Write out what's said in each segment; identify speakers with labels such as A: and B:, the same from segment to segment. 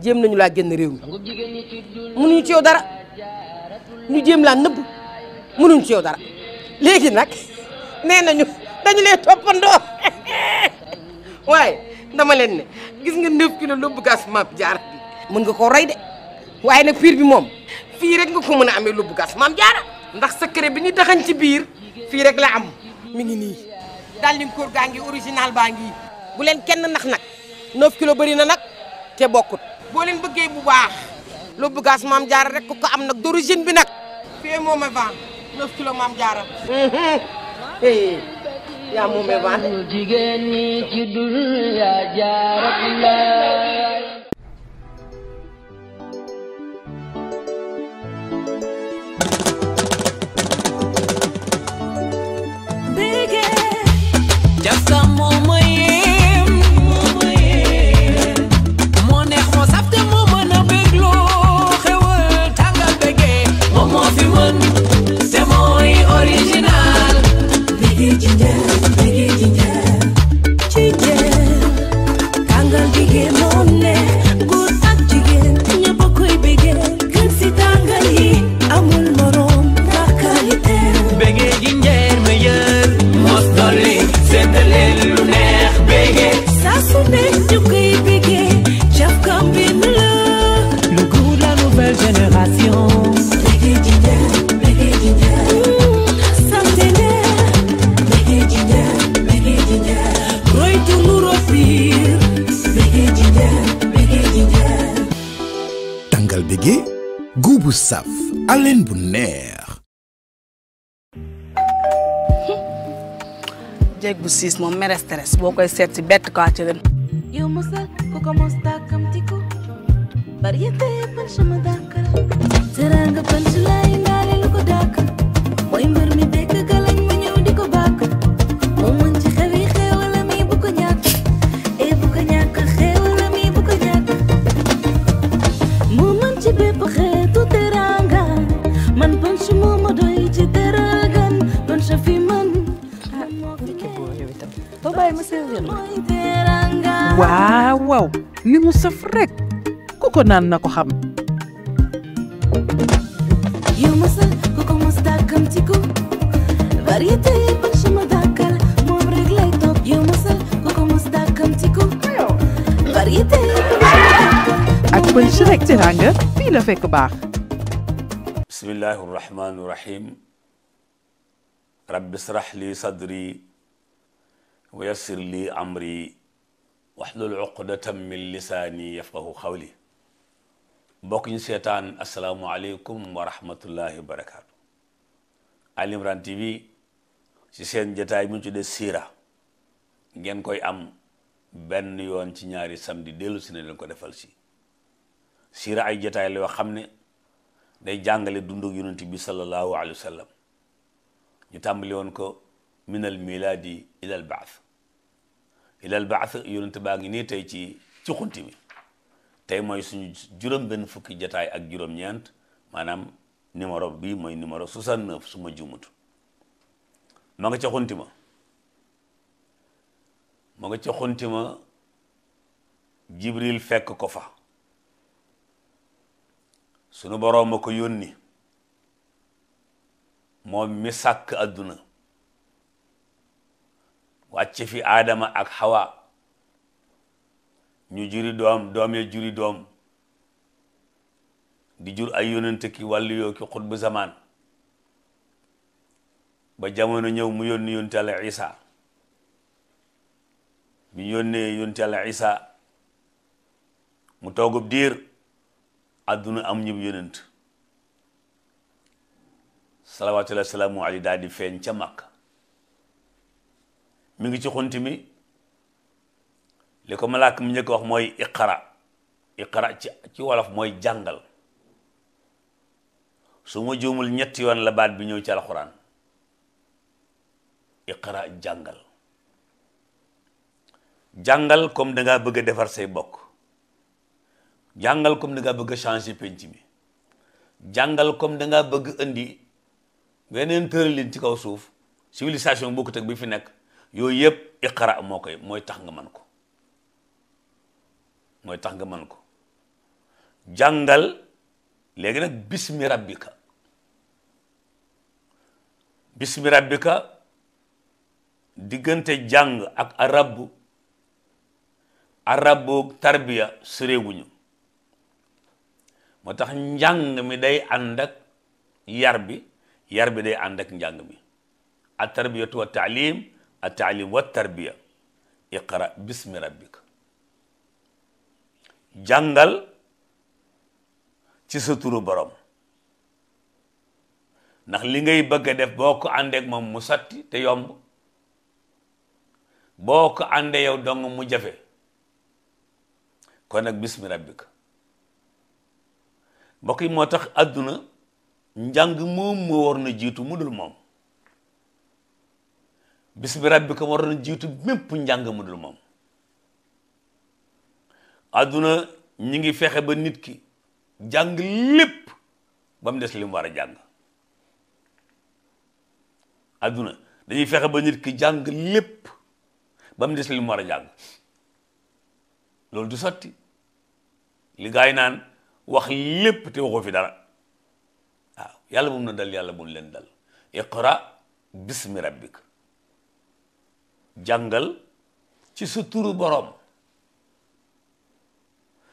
A: jéem nañu laa génn réew mi mënuñu ci yow dara ñu jéem laa nëbb mënuñu ci yow dara léegi nag nee nañu dañu lay toppandoo waaye dama leen ne gis nga 9 kilos lóbbu gas maam jaara bi mën nga ko rey de waaye nag piir bi moom fii rek nga ko mën a amee lóbbu gas maam jaara ndax secret bi ñu taxañ ci biir fii rek la am mi ngi nii dal di kóor gaa ngi original baa ngi bu leen kenn nax nag 9 kilos bari na nag te bokkut boo leen bëggee bu baax loo bëggaas maam jaara rek ku ko am nag d'origine bi nag fii moom a e vent kilo maam jaara mhm. yaa moom a e vent jigéen ñi ci dul yaa jaara bu saf alen bu siis moom mere stress boo koy seet si bett kaa ko mos tàkkam mu saf rek ku ko naan na ko xam. ak Punch rek teraanga fii la fekk baax.
B: bismillahi rahmaani rahim. rabbi srah li sadri wa yassir li amri. waxlul uqdatam min lisaani yafqahu xawli mbokk ñu seetaan asalaamualeykum wa rahmatullahi wa barakaatu Ali TV ci seen jataay mu tuddee siira ngeen koy am benn yoon ci ñaari samedi dellu si ne leen ko defal si siira ay jataay la yoo xam ne day jàngale dundug yonent bi sallallahu alayhi wa sallam ñu tàmbali woon ko minal milaadi ilal baath ilal baath yonent baa ngi nii tey ci ci xunti tey mooy suñu juróom benn fukki jataay ak juróom-ñeent maanaam numéro bi mooy numéro 69 su ma juumut ma nga ca xunti ma ma nga ca xunti ma jibril fekk ko fa sunu boroom a ko yónni moom mi sàkk adduna wàcce fi aadama ak xawa ñu juri doom doom ya juri doom di jur ay yonente ki wàllu yoo ki xutbu zamaan ba jamono ñëw mu yónni yonte Yàlla Isa yónnee yonte Yàlla Isa mu toogub diir àdduna am ñib yonent salawaatullahi salaamu alayhi daal di feeñ ca Makka mi ngi ci xunt mi li ko malaak mi njëkk wax mooy iqra iqra ci ci wolof mooy jàngal su ma juumul ñetti yoon la baat bi ñëw ci alxuraan iqra jàngal jàngal comme da bëgg a defar say bokk jàngal comme danga bëgg a changer penc mi jàngal comme da bëgg indi beneen tëralin ci kaw suuf civilisation bokkut ak bi fi nekk yooyu yëpp iqra moo koy mooy tax nga mën ko mooy tax nga mën ko jàngal léegi nag bismi rabbika bismi rabbika diggante jàng ak arabu arabu tarbiya sëréeguñu moo tax njàng mi day ànd ak yar bi yar bi day ànd ak njàng mi at tarbiyatu wa taalim attaalim wa tarbiya iqra bismi rabbika jàngal ci sa turu borom ndax li ngay bëgg a def boo ko àndee mu sotti te yomb boo ko àndee yow mu jafe kon nag bismi rabbika mbokk yi moo tax àdduna njàng moom moo war na jiitu mu moom bismi rabbika waroon a jiitu mépp njàng mu dul moom adduna ñi ngi fexe ba nit ki jàng lépp ba mu des li war a jàng adduna dañuy fexe ba nit ki jàng lépp ba mu des li war a jàng loolu du sotti li gaay yi naan wax lépp te waxoo fi dara a yàlla moom na dal yàlla moom leen dal iqra bismi rabbika jàngal ci sa turu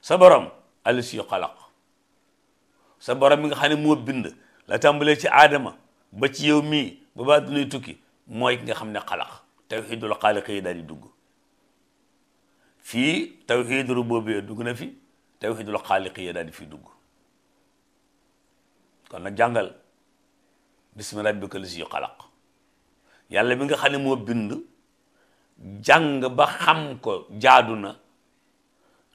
B: sa boroom alisi xalaq sa boroom mi nga xam ne moo bind la tàmbalee ci aadama ba ci yow mi ba ba dunay tukki mooy ki nga xam ne xalaq tawxidul xaaliq yi daal di dugg fii tawxid rububiyya dugg na fi tawxidul xaaliq yi daal di fi dugg kon nag jàngal bismi rabbika lisi xalaq mi nga xam ne moo bind jàng ba xam ko jaadu na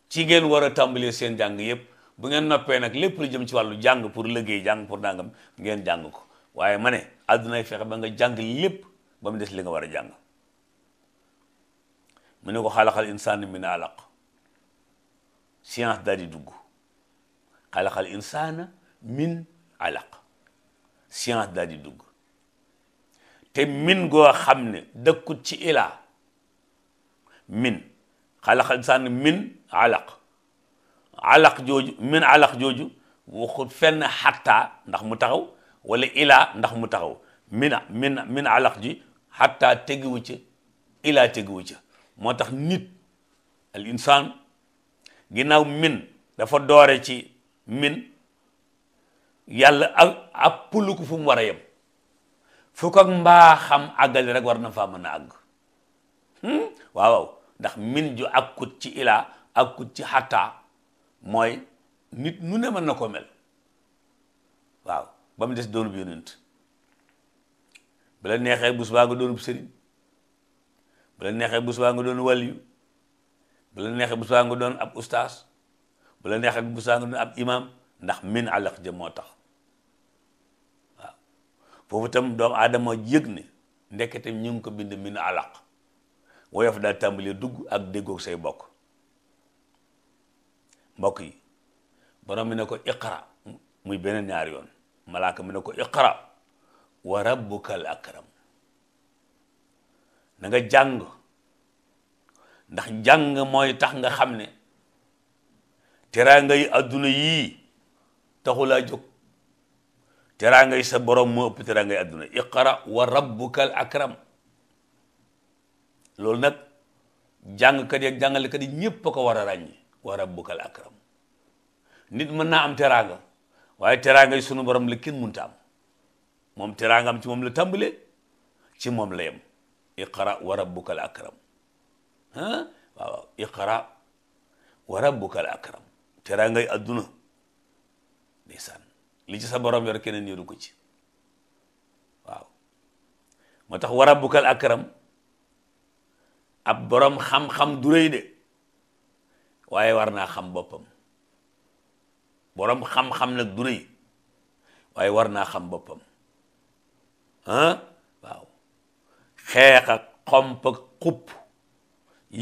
B: ci ngeen war a tàmbalee seen jàng yépp bu ngeen noppee nag lépp lu jëm ci wàllu jàng pour liggéey jàng pour nangam ngeen jàng ko waaye ma ne àddunay fexe ba nga jàng lépp ba mu des li nga war a jàng mu ne ko xalaxal insaan min alaq science daal di dugg xalaxal insaana min alaq science daal di dugg te min goo xam ne dëkkut ci illa min xalaqal insaan min alaq alaq jooju min alaq jooju waxut fenn xattaa ndax mu taxaw walla ilaa ndax mu taxaw min min min ji xattaa tegiwu ca ilaa tegiwu ca moo tax nit al insaan ginnaaw min dafa doore ci min yàlla ak ak pullu ko fu mu war a yem fu ko mbaa xam àggali rek war na faa mën a àgg hmm? waaw ndax min ju kut ci ak akkut ci xattaa mooy nit nu ne mën na ko mel waaw ba mu des doonub yonent bu la neexee bu subaa nga doonub sëriñ bu neexee bu subaa nga doon waliyu bu la neexee bu subaa nga doon ab ustaas bula la neexee bu subaa nga doon ab imam ndax min alaq jë moo tax waaw foofu itam doomu aadama yëg ne ndekketam ñu ngi ko bind min alaq woyof daal tàmbali dugg ak déggoog say bokk mbokk yi borom mi ne ko iqra muy beneen ñaari yoon malaaka mi ne ko iqra wa rabbukal akram na nga jàng ndax jàng mooy tax nga xam ne teraanga yi adduna yii taxulaa jóg teraanga yi sa borom moo ëpp teraanga yi adduna iqra wa rabbukal akram loolu nag jàngkat yi ak jàngalekat yi ñëpp a ko war a ràññi wa rabbukal akram nit mën na am teraanga waaye teraanga yi sunu borom li kenn mënta am moom teraangam ci moom la tàmbalee ci moom la yem iqra wa rabbukal akram ah waaw iqra wa rabbukal akram teraanga adduna ndeysaan li ci sa borom yor keneen yoru ko ci waaw moo tax wa rabbukal akram ab borom xam-xam du rëy de waaye war naa xam boppam borom xam-xam nag du rëy waaye war naa xam boppam ah waaw xeex ak xomp ak xupp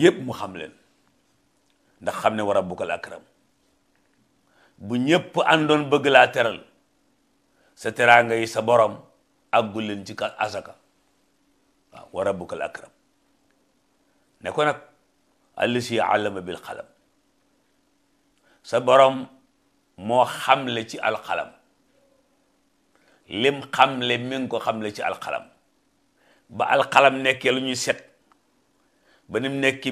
B: yépp mu xam leen ndax xam ne wa rabbukal akram bu ñépp àndoon bëgg laa teral sa tera yi sa borom àggul leen ci ka asaka waaw wa rabbukal akram ne ko nag allisi allama bil xalam sa borom moo xamle ci alxalam lim xamle mi ngi ko xamle ci alxalam ba alxalam nekke lu ñuy set ba ni mu nekk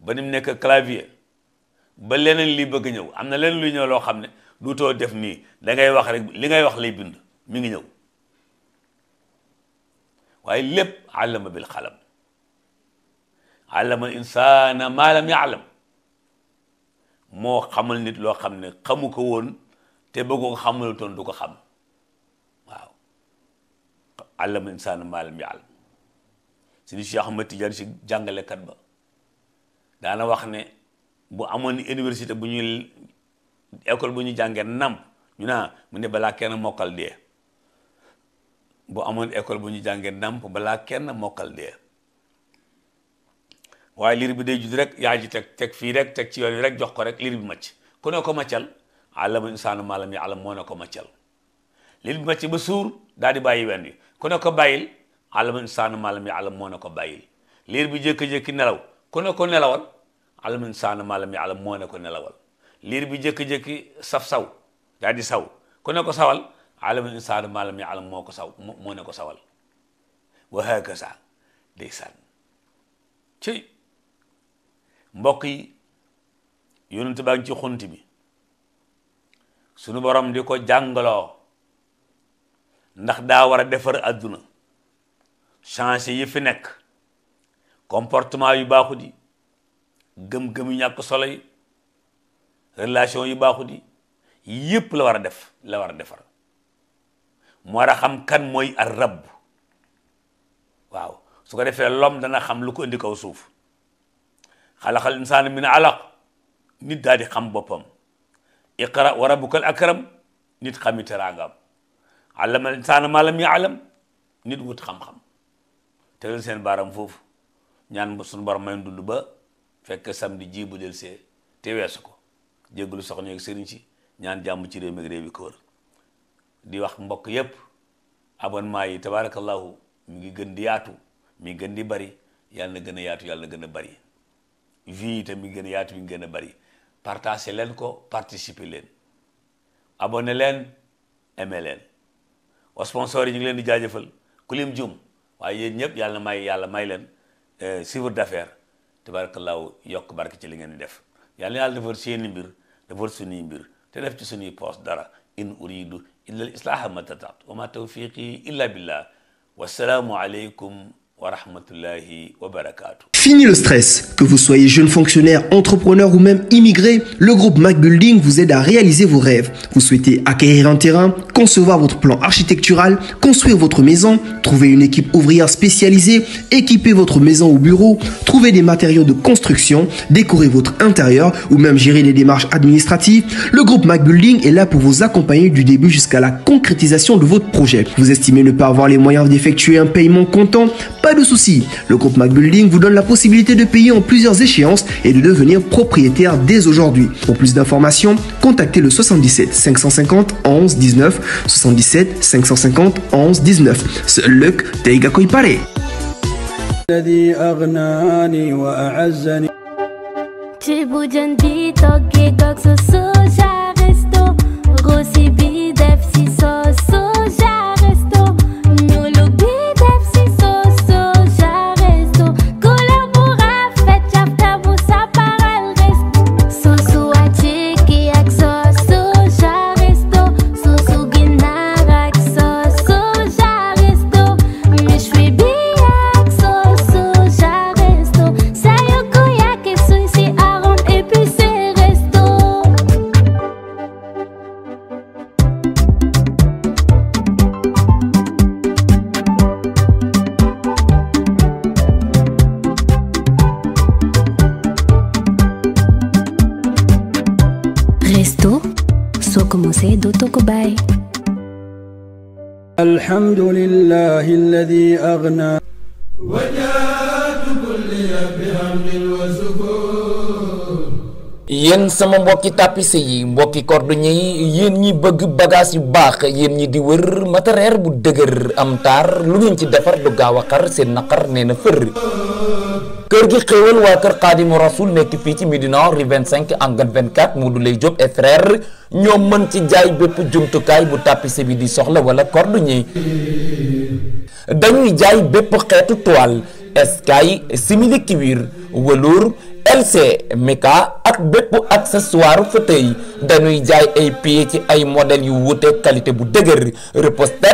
B: ba ni mu clavier ba leneen li bëgg ñëw am na leneen lu ñëw loo xam ne du too def nii da ngay wax rek li ngay wax lay bind mi ngi ñëw waaye lépp allama bil xalam allama insaana maa yaalam moo xamal nit loo xam ne xamu ko woon te bëgg ko xamul toon du ko xam waaw allama insaana maa lam yaalam suñu Cheikh Ahmed Tidiane si jàngalekat ba daana wax ne bu amoon université bu ñuy école bu ñu jàngee nam ñu naa mu ne balaa kenn mokkal dee bu amoon école bu ñu jàngee namp balaa kenn mokkal dee waaye liir bi day judd rek yaa ji teg teg fii rek teg ci yoon wi rek jox ko rek liir bi macc ku ko maccal allama insaanu maa lam ya'lam moo ne ko maccal liir bi macc ba suur daal di bàyyi wen wi ku ko bàyyil allama insaanu maa lam ya'lam moo ne ko bàyyil liir bi jékki-jékki nelaw ku ne ko nelawal allama insaanu maa lam ya'lam moo ne ko nelawal liir bi jékki-jékki saf saw daal di saw ku ne ko sawal allama insaanu maa lam ya'lam moo ko saw moo ko sawal wa hakaza ndeysaan mbokk yi yonent baa ngi ci bi sunu borom di ko jàngaloo ndax daa war a defar àdduna changé yi fi nekk comportement yu baaxut yi gëm-gëm yu ñàkk solo yi relation yu baaxut yi yépp la war a def la war a defar mu war a xam kan mooy ar rabb waaw su ko defee lom dana xam lu ko indi kaw suuf xalaqal insaana min alaq nit daal di xam boppam iqra wa rabbukal akram nit xami teraangaam allamal insaana ma lam yaalam nit wut xam-xam tegal seen baaram foofu ñaan suñu bara may dund ba fekk samedi ji bu del see te weesu ko jéggalu soxna ak sëriñ ñaan jàmm ci réew mi ak réew yi ko di wax mbokk yépp abonnement yi tabaarakallahu mi ngi gën di yaatu mi ngi gën di bari yàlla na gën a yaatu yàlla na gën a bari vie itam bi gën a yaatu bi gën a bari partagé leen ko participer leen abonné leen aimé leen wa sponsor yi ñu ngi leen di jaajëfal ku lim jum waaye yéen ñëpp yàlla may yàlla may leen euh, chiffre d'affaires tabarakallahu yokk barke ci li ngeen di def yàlla yàlla defar seeni mbir defar suñuy mbir te def ci suñuy poos dara in uridu illa al islaha ma tataat wa ma tawfiqi illa billah wa wasalaamu aleykum wa rahmatullahi wa barakaatu
A: Fini le stress. Que vous soyez jeune fonctionnaire, entrepreneur ou même immigré, le groupe Mac Building vous aide à réaliser vos rêves. Vous souhaitez acquérir un terrain, concevoir votre plan architectural, construire votre maison, trouver une équipe ouvrière spécialisée, équiper votre maison ou bureau, trouver des matériaux de construction, décorer votre intérieur ou même gérer les démarches administratives. Le groupe Mac Building est là pour vous accompagner de votre projet. Vous estimez possibilité de payer en plusieurs échéances et de devenir propriétaire dès aujourd'hui. Pour plus d'informations, contactez le 77 550 11 19 77 550 11 19. C'est Luc Teigakoipare. J'ai beau d'un beat, ok, gox, so, so, j'arrête سيد تقباي yéen sama mbokki tapissier yi mbokki kor cordonnier yi yéen ñi bëgg bagage yu baax yéen ñi di wër matériel bu dëgër am taar lu ngeen ci defar du gaaw a xar seen naqar nee na fër kër gi xéewal waa kër xaadimu rasul nekk fii ci Médina rue 25 angle 24 Modou Lay Diop et frère ñoom mën ci jaay bépp jumtukaay bu tapissier bi di soxla wala cordonnier dañuy jaay bépp xeetu toile eskay simili cuir velours LC Meka ak bépp accessoire fauteuil dañuy jaay ay pieds ci ay modèles yu wuute qualité bu dëgër repose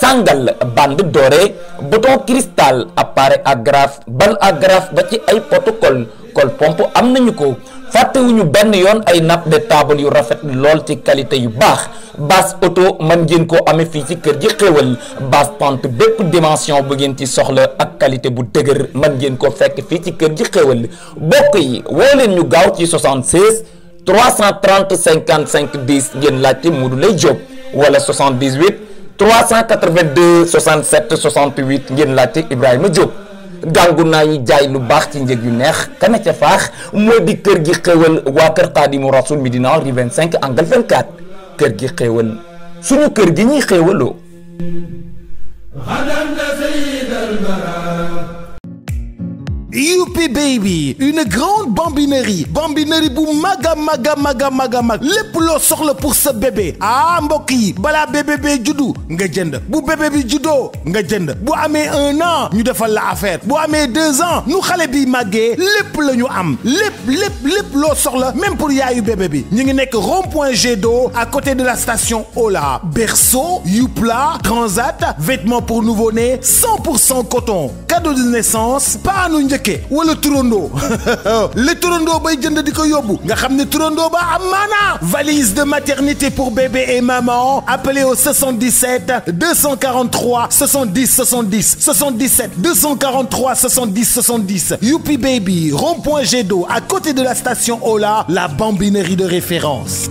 A: sangal bande dorée bouton cristal appareil agrafe bal agrafe ba ci ay protocole col pompe am nañu ko fàttewuñu benn yoon ay nappe de table yu rafet lool ci qualité yu baax base auto mën ngeen ko amee fii ci kër gi xéwal base pente bépp dimension bu ngeen ci soxla ak qualité bu dëgër mën ngeen koo fekk fii ci kër gi xéwal bokk yi woo leen ñu gaaw ci 76 330 55 10 ngeen laajte Modou Lay Diop wala 78 382 67 68 ngeen laajte Ibrahima Diop gàngu naa yi jaay lu baax ci njëg yu neex kana ca faax moo di kër gi xéwal waa kër Xaadimu Rasul Médina rue 25 angle 24 kër gi xéwal suñu kër gi ñuy xéwaloo. youpi baby une grande bambinerie bambinerie bu mag a mag a mag a mag a mag lépp loo soxla pour sa bébé ah mbokk yi balaa bébé bee juddu nga jënd bu bébé bi juddoo nga jënd bu amee un an ñu defal la affaire bu amee deux ans nu xale bi màggee lépp la ñu am lépp loo soxla même pour yaayu bébé bi ñu ngi nekk rond point Jet d'eau à côté de la station Ola berceau youpla transat vêtements pour nouveau-né 100 pour cent coton cadeau de naissance paanu njëkk njëkke wala turandoo le turandoo bay jënd di ko yóbbu nga xam ne turandoo ba am maanaa valise de maternité pour bébé et maman appelez au 77 243 70 70 77 243 70 70 youpi baby rond-point jet d'eau à côté de la station Ola la bambinerie de référence